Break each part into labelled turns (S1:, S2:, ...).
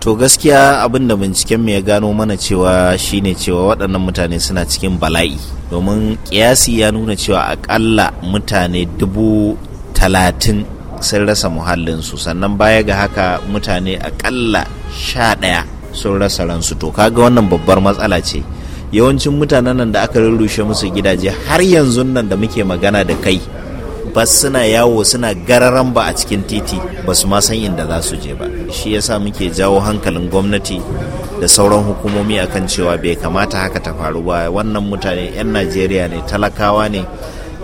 S1: to gaskiya abin da binciken mu ya gano mana cewa shine cewa waɗannan mutane suna cikin bala'i domin kiyasi ya nuna cewa akalla mutane dubu talatin sun rasa muhallinsu sannan baya ga haka mutane akalla sha ɗaya sun rasa ransu to kaga wannan babbar matsala ce yawancin mutanen nan da aka rurrushe musu gidaje har yanzu nan da muke magana da kai bas suna yawo suna gararan ba a cikin titi ba su ma san inda za su je ba shi yasa muke jawo hankalin gwamnati da sauran hukumomi akan cewa bai kamata haka ta faru ba wannan mutane 'yan najeriya ne talakawa ne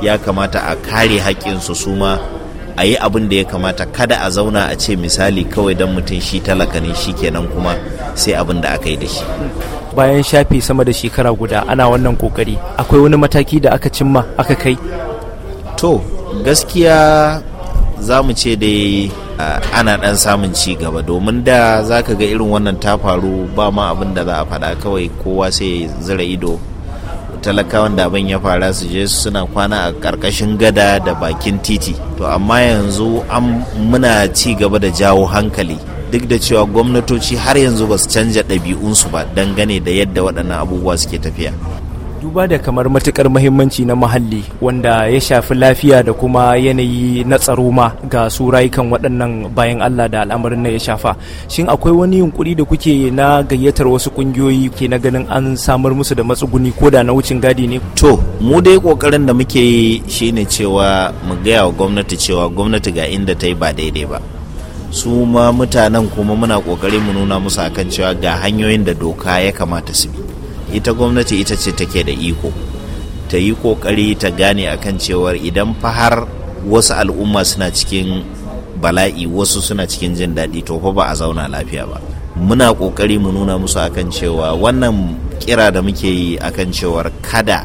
S1: ya kamata a kare haƙƙinsu su ma a yi abin da ya kamata kada a zauna a ce misali kawai don mutum shi talaka ne shi
S2: kenan kuma sai abin
S1: da aka yi da shi
S2: bayan shafi sama da shekara guda ana wannan kokari akwai wani mataki da aka cimma aka kai to gaskiya
S1: za mu ce dai ana ɗan samun ci gaba domin da za ka ga irin wannan ta faru ba ma abin da za a faɗa kawai kowa sai zira ido talakawan da abin ya fara su je suna kwana a ƙarƙashin gada da bakin titi to amma yanzu an muna ci gaba da jawo hankali duk da cewa gwamnatoci har yanzu ba su canja ɗabi'unsu ba dangane da yadda waɗannan abubuwa suke tafiya
S2: duba da kamar matukar mahimmanci na muhalli wanda ya shafi lafiya da kuma yanayi na tsaro ma ga su rayukan waɗannan bayan Allah da al'amarin na ya shafa shin akwai wani yunkuri da kuke na gayyatar wasu kungiyoyi ke na ganin an samar musu da matsuguni ko da na wucin gadi ne
S1: to mu dai kokarin da muke yi shine cewa mu gaya wa gwamnati cewa gwamnati ga inda ta yi ba daidai ba su ma mutanen kuma muna kokari mu nuna musu akan cewa ga hanyoyin da doka ya kamata su bi ita gwamnati ita ce take da iko ta yi kokari ta gane akan cewar idan fa har wasu al'umma suna cikin bala'i wasu suna cikin jin daɗi to fa ba a zauna lafiya ba muna kokari mu nuna musu akan cewa wannan kira da muke yi akan cewar kada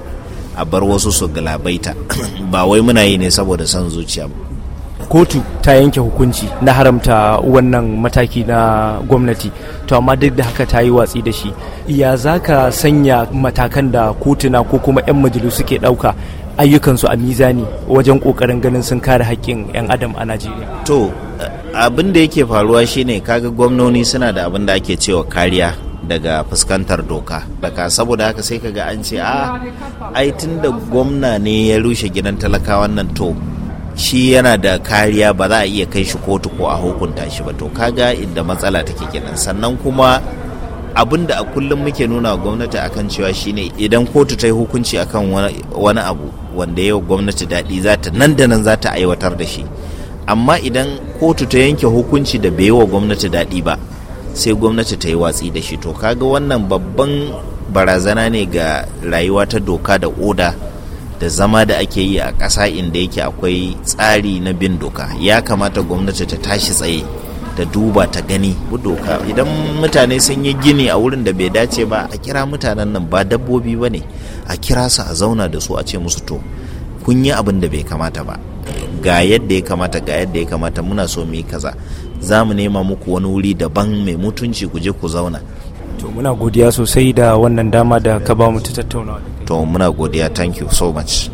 S1: a bar wasu su galabaita ba wai muna yi ne saboda son zuciya ba
S2: kotu ta yanke hukunci na haramta wannan mataki na gwamnati to amma duk da haka ta yi watsi da shi ya za ka sanya matakan da kotuna ko kuma 'yan majalisu suke ɗauka ayyukansu a mizani wajen ƙoƙarin ganin sun kare haƙƙin 'yan adam a najeriya
S1: to abin da yake faruwa shine kaga gwamnoni suna da abin da ake cewa kariya daga fuskantar doka daga saboda haka sai kaga an ce a ah, ai tun da gwamna ne ya rushe gidan talakawan nan to shi yana da kariya ba za a iya kai shi kotu ko a hukunta shi ba to kaga inda matsala take kenan sannan kuma abin da a kullum muke nuna gwamnati akan cewa shine idan kotu ta yi hukunci akan wani abu wanda yau gwamnati daɗi za ta nan da nan za ta aiwatar da shi amma idan kotu ta yanke hukunci da bai wa gwamnati daɗi ba sai gwamnati ta yi watsi da shi to kaga wannan babban barazana ne ga rayuwa ta doka da oda da zama da ake yi a ƙasa inda yake akwai tsari na bin doka ya kamata gwamnati ta tashi tsaye ta duba ta gani doka idan mutane sun yi gini a wurin da bai dace ba a kira mutanen nan ba dabbobi ba ne a kira su a zauna da su a ce musu to kun yi abin da bai kamata ba ga yadda ya kamata ga yadda ya kamata muna so mu yi kaza za mu nema muku wani wuri daban mai mutunci ku je ku zauna
S2: to muna godiya sosai da wannan dama da ka ba mu ta tattaunawa
S1: to muna godiya thank you so much